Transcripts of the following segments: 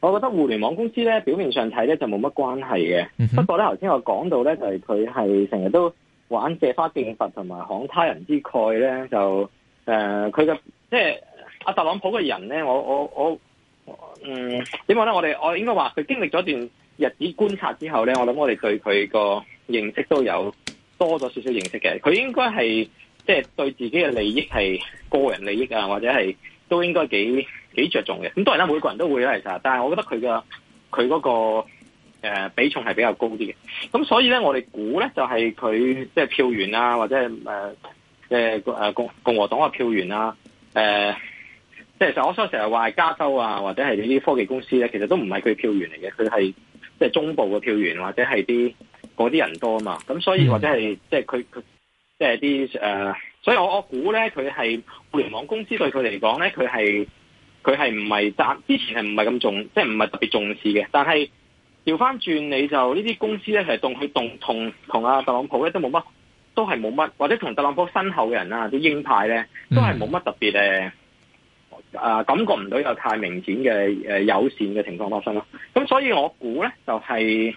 我覺得互聯網公司咧，表面上睇咧就冇乜關係嘅。嗯、哼不過咧，頭先我講到咧，就係佢係成日都玩借花敬佛同埋慷他人之慨咧，就誒佢嘅即係阿特朗普嘅人咧，我我我嗯點講咧？我哋我，、嗯、我應該話佢經歷咗段日子觀察之後咧，我諗我哋對佢個認識都有多咗少少認識嘅。佢應該係即係對自己嘅利益係個人利益啊，或者係。都應該幾幾着重嘅，咁當然啦，每個人都會啦其實。但係我覺得佢嘅佢嗰個、呃、比重係比較高啲嘅。咁所以咧，我哋估咧就係佢即係票源啊，或者係誒即係誒共共和黨嘅票源啊，誒即係就是、我所成日話加州啊，或者係啲科技公司咧，其實都唔係佢票源嚟嘅，佢係即係中部嘅票源或者係啲嗰啲人多啊嘛，咁所以或者係即係佢佢即係啲誒。就是所以我我估咧，佢係互聯網公司對佢嚟講咧，佢係佢係唔係之前係唔係咁重，即係唔係特別重視嘅。但係調翻轉你就呢啲公司咧，其實同佢動同同阿特朗普咧都冇乜，都係冇乜，或者同特朗普身後嘅人啊啲鷹派咧，都係冇乜特別誒、呃、感覺唔到有太明顯嘅誒友善嘅情況發生咯。咁所以我估咧就係、是、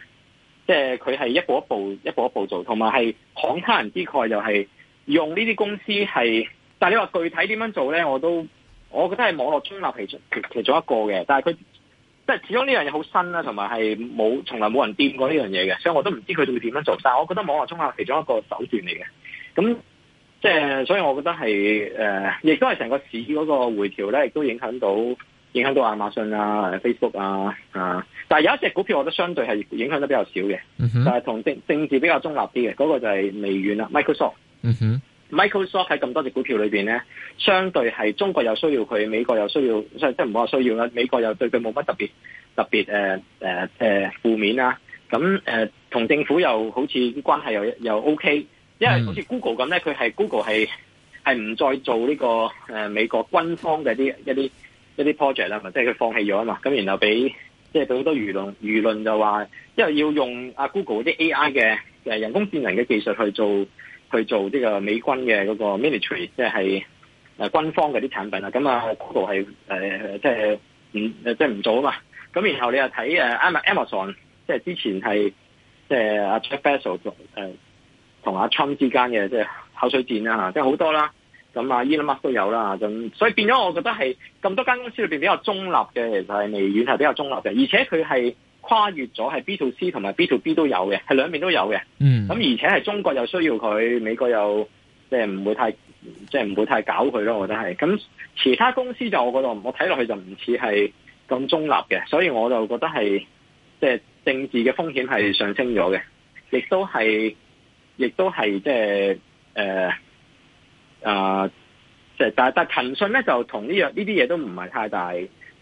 即係佢係一步一步一步一步做，同埋係慷他人之慨就係、是。用呢啲公司係，但係你話具體點樣做咧，我都我覺得係網絡中立其其其中一個嘅，但係佢即係始終呢樣嘢好新啦，同埋係冇從來冇人掂過呢樣嘢嘅，所以我都唔知佢會點樣做。但係我覺得網絡中立係其中一個手段嚟嘅，咁即係所以我覺得係誒，亦、呃、都係成個市嗰個回調咧，亦都影響到影響到亞馬遜啊、Facebook 啊啊，但係有一隻股票我覺得相對係影響得比較少嘅，嗯、哼但係同政政治比較中立啲嘅，嗰、嗰個就係微軟啦，Microsoft。嗯哼 ，Microsoft 喺咁多隻股票裏邊咧，相對係中國又需要佢，美國又需要，即係即係唔好話需要啦。美國又對佢冇乜特別特別誒誒誒負面啦、啊。咁誒同政府又好似關係又又 OK，因為好似 Go Google 咁咧，佢係 Google 係係唔再做呢個誒美國軍方嘅啲一啲一啲 project 啦，即係佢放棄咗啊嘛。咁然後俾即係俾好多輿論輿論就話，因為要用 Google 啲 AI 嘅誒人工智能嘅技術去做。去做呢個美軍嘅嗰個 military，即係誒軍方嗰啲產品啊。咁啊，Google 係即係唔即係唔做啊嘛。咁然後你又睇誒 Amazon，即係之前係即係阿 Jeff Bezos 誒同阿 Trump 之間嘅即係口水戰啦嚇，即係好多啦。咁啊，Elon Musk 都有啦。咁所以變咗，我覺得係咁多間公司裏邊比較中立嘅，其實係微軟係比較中立嘅，而且佢係。跨越咗係 B to C 同埋 B to B 都有嘅，係兩邊都有嘅。嗯，咁而且係中國又需要佢，美國又即係唔會太即係唔會太搞佢咯。我覺得係咁，其他公司就我覺得我睇落去就唔似係咁中立嘅，所以我就覺得係即係政治嘅風險係上升咗嘅，亦、嗯、都係，亦都係即係誒誒，即、呃、係、呃、但但騰訊咧就同呢樣呢啲嘢都唔係太大。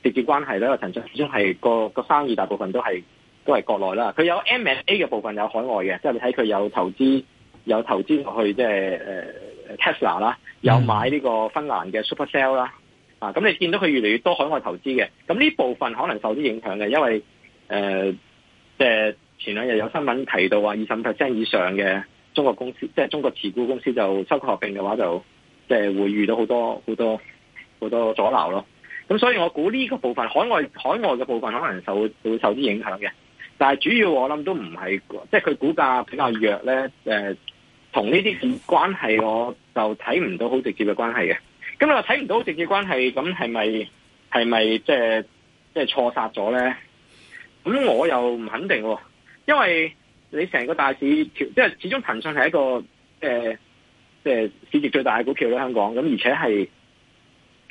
直接關係咧，陳總始終係個個生意大部分都係都係國內啦。佢有 M&A 嘅部分有海外嘅，即係你睇佢有投資有投資去即係、呃、Tesla 啦，有買呢個芬蘭嘅 SuperCell 啦。啊，咁你見到佢越嚟越多海外投資嘅，咁呢部分可能受啲影響嘅，因為誒、呃、即係前兩日有新聞提到話，二十 percent 以上嘅中國公司，即係中國持股公司就收購合併嘅話，就即係會遇到好多好多好多阻撓咯。咁所以，我估呢個部分海外海外嘅部分可能受會受啲影響嘅，但係主要我諗都唔係，即係佢股價比較弱咧。誒、呃，同呢啲關係我就睇唔到好直接嘅關係嘅。咁你話睇唔到直接關係，咁係咪係咪即係即係錯殺咗咧？咁我又唔肯定、喎，因為你成個大市即係始終騰訊係一個誒，即、呃、係市值最大嘅股票喺香港，咁而且係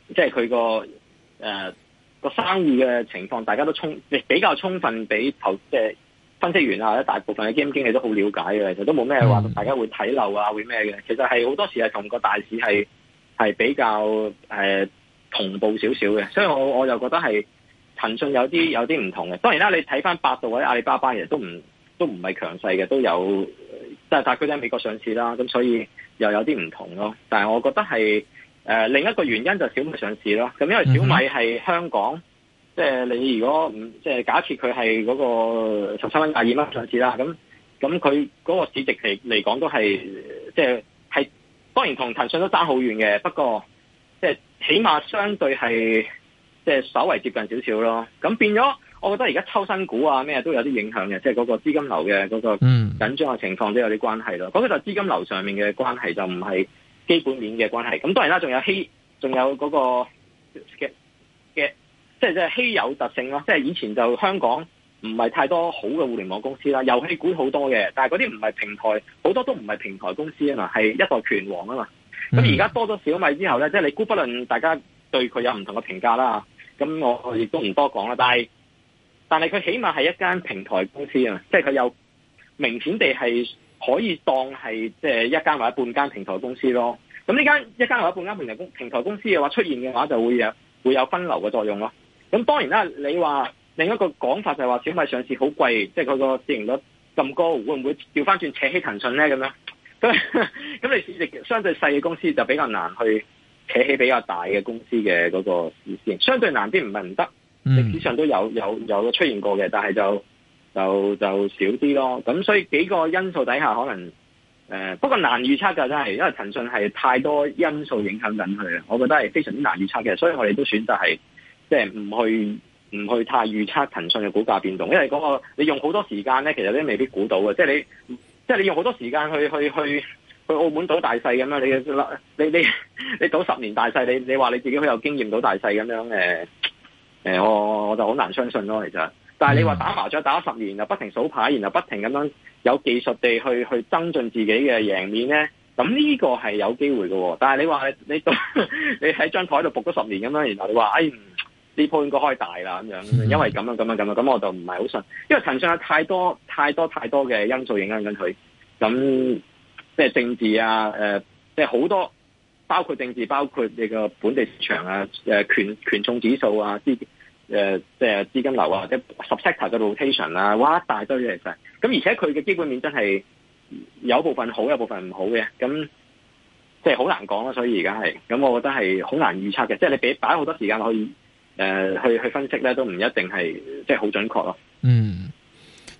即係佢個。即係誒，個、呃、生意嘅情況，大家都充比較充分，俾投即係分析員啊，或者大部分嘅基金經理都好了解嘅。其實都冇咩話，大家會睇漏啊，會咩嘅？其實係好多時係同個大市係係比較誒、呃、同步少少嘅。所以我我又覺得係騰訊有啲有啲唔同嘅。當然啦，你睇翻百度或者阿里巴巴人，其實都唔都唔係強勢嘅，都有，但係佢喺美國上市啦，咁所以又有啲唔同咯。但係我覺得係。誒、呃、另一個原因就係小米上市咯，咁因為小米係香港，嗯、即係你如果唔即係假設佢係嗰個十七蚊、廿二蚊上市啦，咁咁佢嗰個市值嚟嚟講都係即係係當然同騰訊都爭好遠嘅，不過即係起碼相對係即係稍為接近少少咯。咁變咗，我覺得而家抽新股啊咩都有啲影響嘅，即係嗰個資金流嘅嗰個緊張嘅情況都有啲關係咯。嗰、嗰個就資金流上面嘅關係就唔係。基本面嘅關係，咁當然啦，仲有稀，仲有嗰個嘅嘅，即係即係稀有特性咯。即係以前就香港唔係太多好嘅互聯網公司啦，遊戲股好多嘅，但係嗰啲唔係平台，好多都唔係平台公司啊嘛，係一代拳王啊嘛。咁而家多咗小米之後咧，即係你估，不論大家對佢有唔同嘅評價啦，咁我亦都唔多講啦。但係但係佢起碼係一間平台公司啊嘛，即係佢又明顯地係。可以當係即係一間或者半間平台公司咯。咁呢間一間或者半間平台公平台公司嘅話出現嘅話，就會有會有分流嘅作用咯。咁當然啦，你話另一個講法就係話小米上市好貴，即係佢個市盈率咁高，會唔會調翻轉扯起騰訊咧？咁樣咁咁， 你相對細嘅公司就比較難去扯起比較大嘅公司嘅嗰個線，相對難啲，唔係唔得。歷史上都有有有出現過嘅，但係就。就就少啲咯，咁所以幾個因素底下可能誒、呃，不過難預測噶真係，因為騰訊係太多因素影響緊佢。我覺得係非常之難預測嘅，所以我哋都選擇係即係唔去唔去太預測騰訊嘅股價變動，因為、嗰個你用好多時間咧，其實都未必估到嘅。即、就、係、是、你即係、就是、你用好多時間去去去去澳門賭大細咁樣，你你你你賭十年大細，你你話你自己好有經驗賭大細咁樣誒誒、呃，我我就好難相信咯，其實。但係你話打麻雀打咗十年又不停數牌，然後不停咁樣有技術地去去增進自己嘅贏面咧，咁呢個係有機會嘅、哦。但係你話你你喺張台度伏咗十年咁樣，然後你話誒呢鋪應該開大啦咁樣，因為咁樣咁樣咁樣，咁我就唔係好信，因為騰訊有太多太多太多嘅因素影響緊佢，咁即係政治啊，誒、呃、即係好多包括政治，包括你個本地市場啊，誒、呃、權權重指數啊啲。誒、呃，即係資金流啊，或者 subsector 嘅 rotation 啊，哇，一大堆嘢其實，咁而且佢嘅基本面真係有部分好，有部分唔好嘅，咁即係好難講啦。所以而家係，咁我覺得係好難預測嘅。即係你俾擺好多時間去誒、呃、去去分析咧，都唔一定係即係好準確咯。嗯。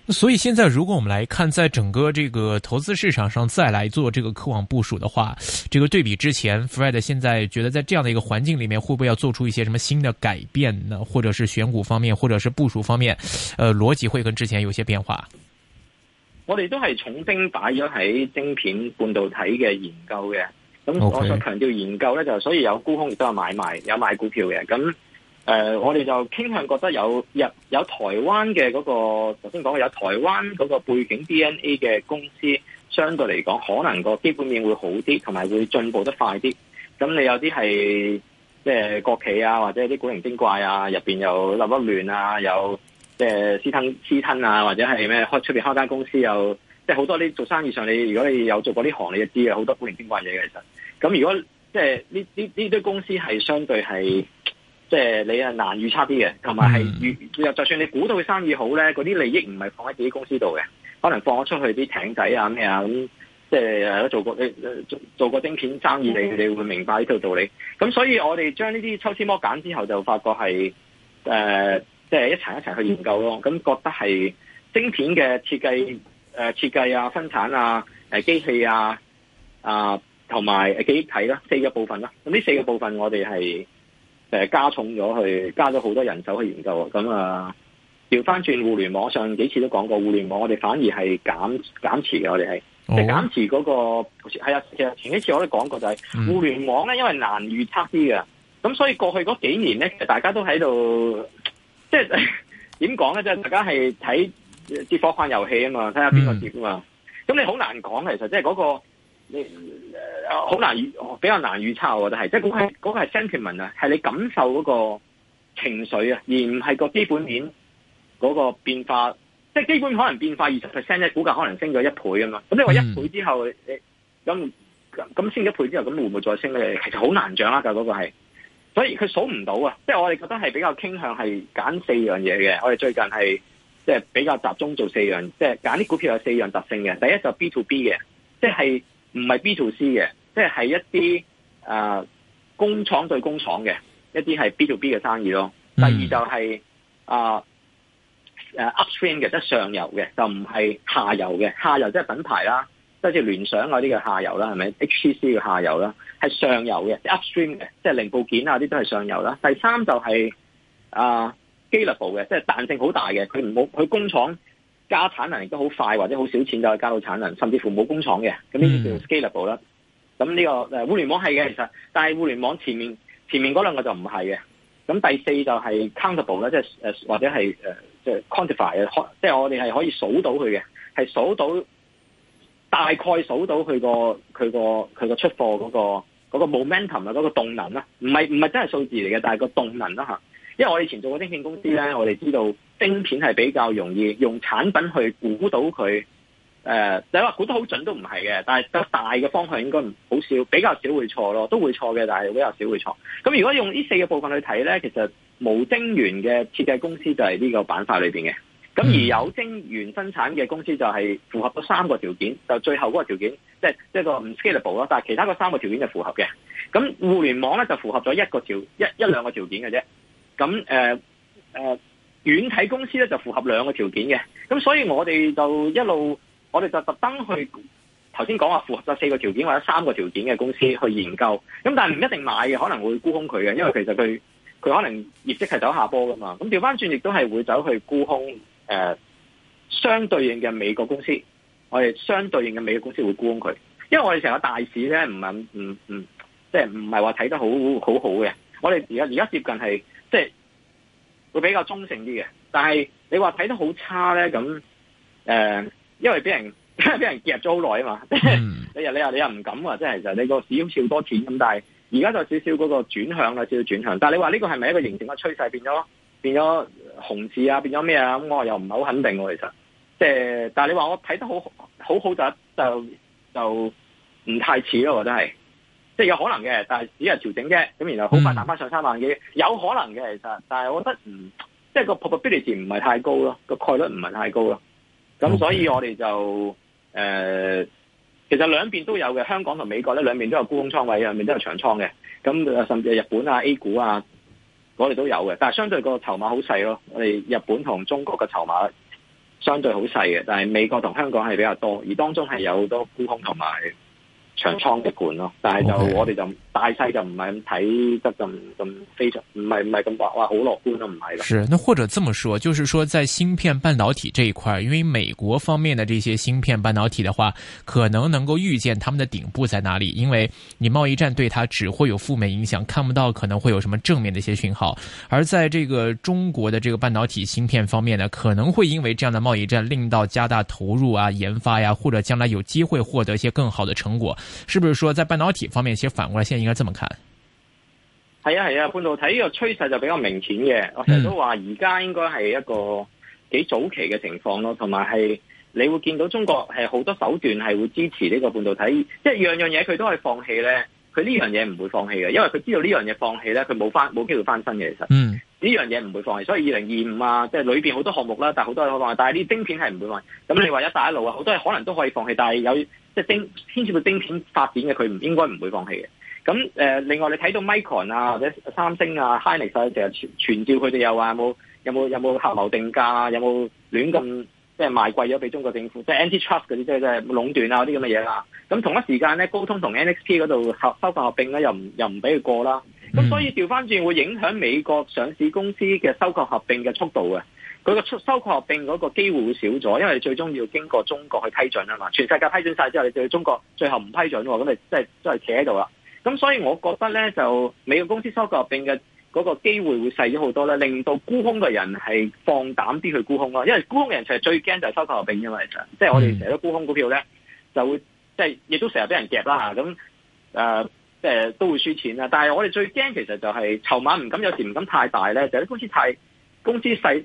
所以現在如果我們來看，在整個這個投資市場上再來做這個科網部署的話，這個對比之前，Fred 現在覺得在這樣的一個環境裏面，會不會要做出一些什麼新的改變呢？或者是選股方面，或者是部署方面，呃，邏輯會跟之前有些變化？我哋都係重兵擺咗喺晶片半導體嘅研究嘅，咁我所強調研究呢，就，Okay. 所以有沽空亦都有買賣，有買股票嘅，誒、呃，我哋就傾向覺得有入有台灣嘅嗰、嗰個，頭先講嘅有台灣嗰個背景 DNA 嘅公司，相對嚟講可能個基本面會好啲，同埋會進步得快啲。咁你有啲係即係國企啊，或者啲古靈精怪啊，入邊有立不亂啊，有即係私吞私吞啊，或者係咩出面開間公司又即係好多啲做生意上你如果你有做過呢行你就知嘅好多古靈精怪嘢其實。咁如果即係呢呢呢啲公司係相對係。即係你啊難預測啲嘅，同埋係預就算你估到佢生意好咧，嗰啲利益唔係放喺自己公司度嘅，可能放咗出去啲艇仔啊咩啊，即係做過做過晶片生意，你、mm hmm. 你會明白呢套道理。咁所以我哋將呢啲抽絲剝繭之後，就發覺係誒，即、呃、係、就是、一層一層去研究咯。咁覺得係晶片嘅設計誒設計啊生產啊誒機、啊、器啊啊同埋記憶體啦、啊、四個部分啦咁呢四個部分我哋係。誒加重咗去，加咗好多人手去研究啊！咁啊，調翻轉，互聯網上幾次都講過，互聯網我哋反而係減減持嘅，我哋係，即減持嗰、那個。係啊，其實前幾次我都講過就係、是 mm. 互聯網咧，因為難預測啲嘅，咁所以過去嗰幾年咧，大家都喺度，即係點講咧？即係大家係睇接火返遊戲啊嘛，睇下邊個接啊嘛。咁、mm. 你好難講，其實即係嗰個你。好難預，比較難預測，我覺得係即係嗰個嗰個係 sentiment 啊，係你感受嗰個情緒啊，而唔係個基本面嗰個變化。即係基本可能變化二十 percent，即係股價可能升咗一倍啊嘛。咁即係話一倍之後，咁咁升咗一倍之後，咁會唔會再升咧？那個、其實好難講啦。噶、那、嗰個係，所以佢數唔到啊。即係我哋覺得係比較傾向係揀四樣嘢嘅，我哋最近係即係比較集中做四樣，即係揀啲股票有四樣特性嘅。第一就 B to B 嘅，即係唔係 B to C 嘅。即係一啲啊、呃、工廠對工廠嘅一啲係 B 2 B 嘅生意咯。嗯、第二就係、是、啊誒、呃呃、upstream 嘅，即係上游嘅，就唔係下游嘅。下游即係品牌啦，即係聯想嗰啲嘅下游啦，係咪？HTC 嘅下游啦，係上游嘅，即係 upstream 嘅，即係零部件啊啲都係上游啦。第三就係、是、啊 scalable、呃、嘅，即係彈性好大嘅。佢唔冇佢工廠加產能亦都好快，或者好少錢就可以加到產能，甚至乎冇工廠嘅，咁呢啲叫 scalable 啦。咁呢、這個互聯網係嘅，其實，但係互聯網前面前面嗰兩個就唔係嘅。咁第四就係 countable 啦，即或者係誒、即係、qu 即 quantify 嘅，即係我哋係可以數到佢嘅，係數到大概數到佢個佢個佢個出貨嗰、嗰個 momentum 啊，嗰、嗰個 um，個動能啦，唔係唔係真係數字嚟嘅，但係個動能啦嚇，因為我哋以前做過晶片公司咧，我哋知道晶片係比較容易用產品去估到佢。誒，你話估得好準都唔係嘅，但係得大嘅方向應該唔好少，比較少會錯咯，都會錯嘅，但係比較少會錯。咁如果用呢四個部分去睇咧，其實無晶圓嘅設計公司就係呢個板塊裏邊嘅。咁而有晶圓生產嘅公司就係符合咗三個條件，就最後嗰個條件即係即係個唔 scalable 咯，但係其他嗰三個條件就符合嘅。咁互聯網咧就符合咗一個條一一兩個條件嘅啫。咁誒誒，軟體公司咧就符合兩個條件嘅。咁所以我哋就一路。我哋就特登去頭先講話符合咗四個條件或者三個條件嘅公司去研究，咁但係唔一定買嘅，可能會沽空佢嘅，因為其實佢佢可能業績係走下坡噶嘛，咁調翻轉亦都係會走去沽空誒、呃、相對應嘅美國公司，我哋相對應嘅美國公司會沽空佢，因為我哋成個大市咧唔係，唔唔即係唔係話睇得好好好嘅，我哋而家而家接近係即係會比較中性啲嘅，但係你話睇得好差咧咁誒。因為俾人俾 人夾咗好耐啊嘛，即、嗯、 你又你又你又唔敢喎，即係其實你個市好似好多錢咁，但係而家就少少嗰個轉向啦，少少轉向。但係你話呢個係咪一個形成嘅趨勢變咗？變咗紅字啊，變咗咩啊？咁我又唔係好肯定喎。其實即係，但係你話我睇得好好好就就就唔太似咯，我真係即係有可能嘅，但係只係調整啫咁，然後好快彈翻上三萬幾。有可能嘅其實，但係我、就是嗯、我覺得唔即係個 probability 唔係太高咯，個概率唔係太高咯。咁所以我哋就誒、呃、其實兩邊都有嘅，香港同美國咧兩邊都有沽空倉位，兩邊都有長倉嘅。咁甚至日本啊、A 股啊，我哋都有嘅。但係相對個籌碼好細咯，我哋日本同中國嘅籌碼相對好細嘅，但係美國同香港係比較多，而當中係有好多沽空同埋長倉嘅管咯，但係就 Okay. 我哋就大勢就唔係咁睇得咁咁非常，唔係唔係咁白話好樂觀唔係是,是，那或者這麼說，就是說在芯片半導體這一塊，因為美國方面的這些芯片半導體的話，可能能夠預見他們的頂部在哪裏，因為你貿易戰對它只會有負面影響，看不到可能會有什麼正面的一些訊號。而在這個中國的這個半導體芯片方面呢，可能會因為這樣的貿易戰令到加大投入啊、研發呀、啊，或者將來有機會獲得一些更好的成果。是不是說在半導體方面，其實反過來，現在應該這麼看？係啊係啊，半導體呢個趨勢就比較明顯嘅。我成日都話，而家應該係一個幾早期嘅情況咯，同埋係你會見到中國係好多手段係會支持呢個半導體，即係樣樣嘢佢都可以放棄咧。佢呢樣嘢唔會放棄嘅，因為佢知道呢樣嘢放棄咧，佢冇翻冇機會翻身嘅。其實呢樣嘢唔會放棄，所以二零二五啊，即係裏邊好多項目啦，但係好多都可以放棄，但係啲晶片係唔會放棄。咁你話一帶一路啊，好多嘢可能都可以放棄，但係有。即係晶牽涉到晶片發展嘅，佢唔應該唔會放棄嘅。咁誒、呃，另外你睇到 Micron 啊，或者三星啊、Hynix 啊，成日傳傳召佢哋又話有冇有冇有冇合謀定價啊，有冇亂咁即係賣貴咗俾中國政府，即係 Anti-trust 嗰啲，即係即係壟斷啊啲咁嘅嘢啦。咁、啊、同一時間咧，高通同 NXP 嗰度合收購合併咧，又唔又唔俾佢過啦。咁所以調翻轉會影響美國上市公司嘅收購合併嘅速度嘅、啊。佢個收收購合併嗰個機會會少咗，因為你最終要經過中國去批准啊嘛。全世界批准晒之後，你對中國最後唔批准，咁咪即係都係企喺度啦。咁所以我覺得咧，就美國公司收購合併嘅嗰個機會會細咗好多啦，令到沽空嘅人係放膽啲去沽空咯。因為沽空嘅人其實最驚就係收購合併因為，其實即係我哋成日都沽空股票咧，就會即係亦都成日俾人夾啦吓，咁誒即係都會輸錢啦。但係我哋最驚其實就係籌碼唔敢，有時唔敢太大咧，就係啲公司太公司細。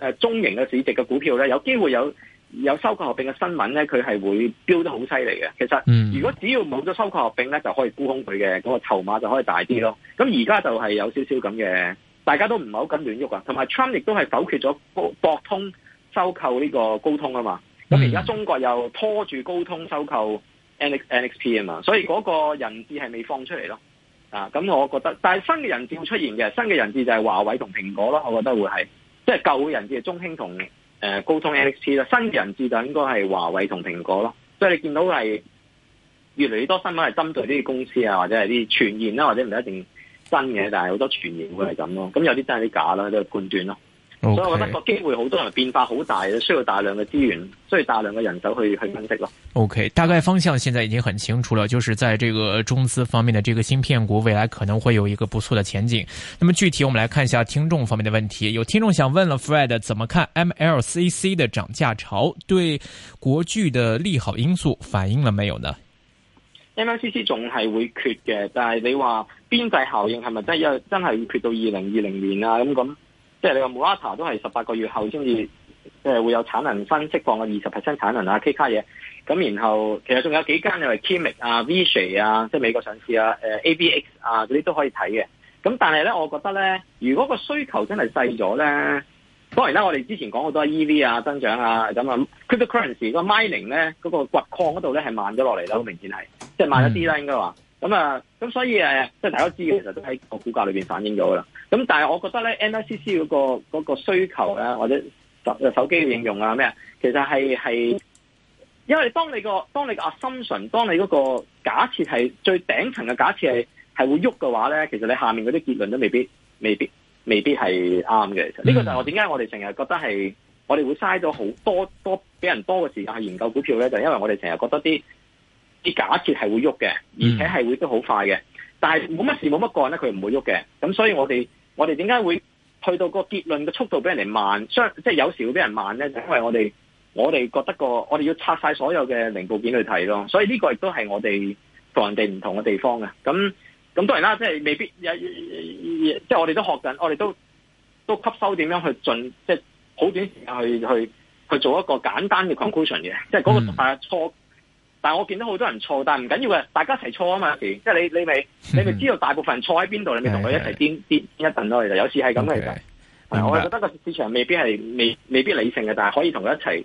誒，中型嘅市值嘅股票咧，有機會有有收購合併嘅新聞咧，佢係會標得好犀利嘅。其實如果只要冇咗收購合併咧，就可以沽空佢嘅嗰個籌碼就可以大啲咯。咁而家就係有少少咁嘅，大家都唔係好緊亂喐啊。同埋 Trump 亦都係否決咗博通收購呢個高通啊嘛。咁而家中國又拖住高通收購 NX, NXP 啊嘛，所以嗰個人質係未放出嚟咯。啊，咁我覺得，但係新嘅人質會出現嘅，新嘅人質就係華為同蘋果咯。我覺得會係。即係舊嘅人質係中興同誒、呃、高通 N X 啦，新嘅人質就應該係華為同蘋果咯。即係你見到係越嚟越多新聞係針對呢啲公司啊，或者係啲傳言啦，或者唔一定真嘅，但係好多傳言會係咁咯。咁有啲真有啲假啦，都係判斷咯。所以我覺得個機會好多人變化好大，需要大量嘅資源，需要大量嘅人手去去分析咯。OK，大概方向現在已經很清楚啦，就是在這個中資方面的這個芯片股，未來可能會有一個不錯的前景。那麼具體，我們來看一下聽眾方面的問題。有聽眾想問了，Fred，怎麼看 M L C C 的漲價潮對國巨的利好因素反映了沒有呢？M L C C 仲係會缺嘅，但係你話邊際效應係咪真係要真係要缺到二零二零年啊？咁咁。即係你話 Murata 都係十八個月後先至，即係會有產能分釋放嘅二十 percent 產能啊，K 卡嘢，咁然後其實仲有幾間又係 Chemik 啊、Vishay 啊，即係美國上市啊，誒、呃、ABX 啊，嗰啲都可以睇嘅。咁但係咧，我覺得咧，如果個需求真係細咗咧，當然啦，我哋之前講好多 E V 啊增長啊，咁啊，crypto currency、個 mining 咧，嗰個掘礦嗰度咧係慢咗落嚟啦，好明顯係，即係慢一啲啦，應該話。咁啊，咁、嗯、所以誒，即大家都知嘅，其實都喺個股價裏邊反映咗噶啦。咁但係我覺得咧，N I C C、嗰、嗰個嗰、嗰個需求咧，或者手手機嘅應用啊，咩啊，其實係係因為當你個當你個 assumption，當你嗰個假設係最頂層嘅假設係係會喐嘅話咧，其實你下面嗰啲結論都未必未必未必係啱嘅。其實、呢、呢個就係我點解我哋成日覺得係我哋會嘥咗好多多俾人多嘅時間去研究股票咧，就係、因為我哋成日覺得啲。假設係會喐嘅，而且係會都好快嘅。但係冇乜事冇乜幹咧，佢唔會喐嘅。咁所以我哋我哋點解會去到個結論嘅速度俾人哋慢，即係有時會俾人慢咧？就因為我哋我哋覺得個我哋要拆曬所有嘅零部件去睇咯。所以呢個亦都係我哋同人哋唔同嘅地方嘅。咁咁當然啦，即係未必有，有，有，有，有，有，即係我哋都學緊，我哋都都吸收點樣去進，即係好短時間去去去，去做一個簡單嘅 conclusion 嘅、那個，即係嗰個係初。但係我見到好多人錯，但係唔緊要嘅，大家一齊錯啊嘛，有時即係你你咪你咪知道大部分人錯喺邊度，你咪同佢一齊癲癲一陣咯，其實 有時係咁嘅，嘅。係，我係覺得個市場未必係未未必理性嘅，但係可以同佢一齊。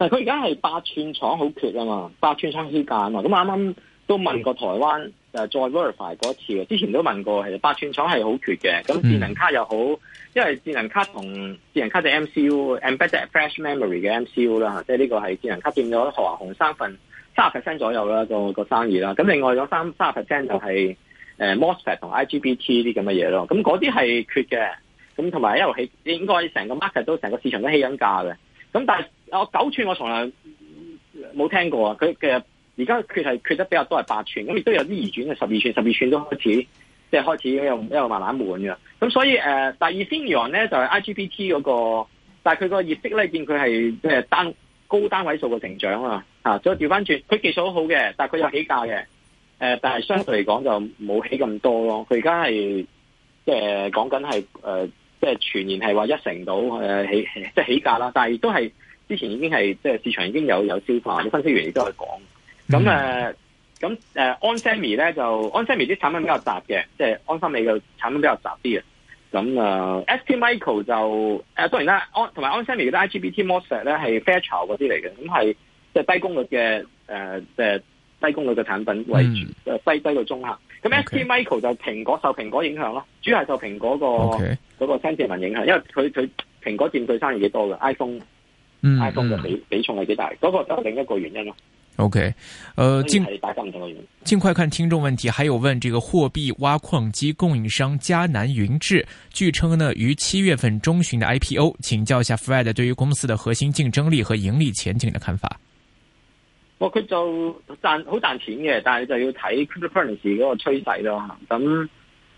但係佢而家係八寸廠好缺啊嘛，八寸廠起價啊嘛，咁啱啱都問過台灣，嗯、再 verify 嗰一次嘅。之前都問過其實八寸廠係好缺嘅。咁智能卡又好，因為智能卡同智能卡嘅 MCU，Embedded Flash Memory 嘅 MCU 啦，即係呢個係智能卡佔咗華虹三分三十 percent 左右啦個、嗰個生意啦。咁另外有三三十 percent 就係、誒、mosfet 同 IGBT 啲咁嘅嘢咯。咁嗰啲係缺嘅，咁同埋一路起，應該成個 market 都成個市場都起緊價嘅。咁但係。哦、我九寸我從來冇聽過啊！佢其實而家缺係缺得比較多係八寸，咁亦都有啲移轉嘅十二寸，十二寸都開始即係開始又又慢慢滿嘅。咁所以誒，第二先而呢，咧就係、是、IGBT 嗰、那個，但係佢個業績咧見佢係即係單高單位數嘅成長啊！吓，所以調翻轉，佢技術好好嘅，但係佢有起價嘅，誒、呃，但係相對嚟講就冇起咁多咯。佢而家係即係講緊係誒，即、就、係、是呃就是、全年係話一成到誒、啊、起即係、就是、起價啦，但係都係。之前已經係即係市場已經有有消化，啲分析員亦都係講。咁誒，咁安森美咧就安森美啲產品比較雜嘅，即係安森美嘅產品比較雜啲嘅。咁誒、呃、STMicro 就誒、呃、當然啦，同埋安森美 IGBT MOSFET 咧係 Fairchild 嗰啲嚟嘅，咁係即係低功率嘅誒，即、呃、係、就是、低功率嘅產品為主，嗯、低低到中下。咁 Okay. STMicro 就蘋果受蘋果影響咯，主要係受蘋果、那個嗰 Okay. 個生態環影響，因為佢佢蘋果佔據生意幾多嘅 iPhone。iPhone 嘅、嗯、比比重係幾大？嗰、那個就另一個原因咯。OK，誒、呃，係大家唔同嘅原因。盡快看聽眾問題，還有問這個貨幣挖礦機供應商迦南云智，據稱呢於七月份中旬的 IPO，請教一下 Fred 對於公司的核心競爭力和盈利前景的看法。我佢就賺好賺錢嘅，但係就要睇 cryptocurrency 嗰個趨勢咯。咁，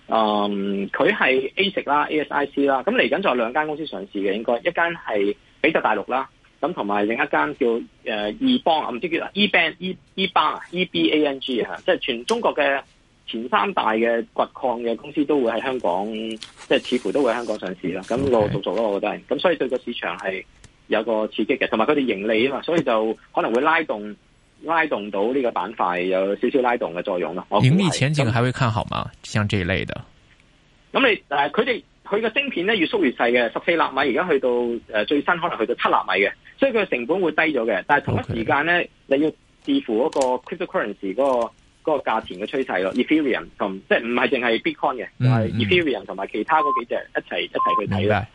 嗯，佢係 ASIC 啦，ASIC 啦，咁嚟緊就兩間公司上市嘅，應該一間係。比特大陸啦，咁同埋另一間叫億邦啊，唔知叫 e b a n e ang, e 邦啊，e b a n g 啊，即係全中國嘅前三大嘅掘礦嘅公司都會喺香港，即係似乎都會喺香港上市啦。咁我做做續咯，我覺得，咁所以對個市場係有個刺激嘅，同埋佢哋盈利啊嘛，所以就可能會拉動拉動到呢個板塊有少少拉動嘅作用啦。盈利前景還會看好嗎？像這一類的，咁你誒佢哋，呃佢嘅晶片咧越縮越細嘅，十四納米而家去到誒、呃、最新可能去到七納米嘅，所以佢成本會低咗嘅。但係同一時間咧，Okay. 你要視乎嗰個 cryptocurrency 個個嗰個價錢嘅趨勢咯，Ethereum 同即係、嗯、唔係淨係 Bitcoin 嘅，係 Ethereum 同埋其他幾隻一齊一齊去睇啦。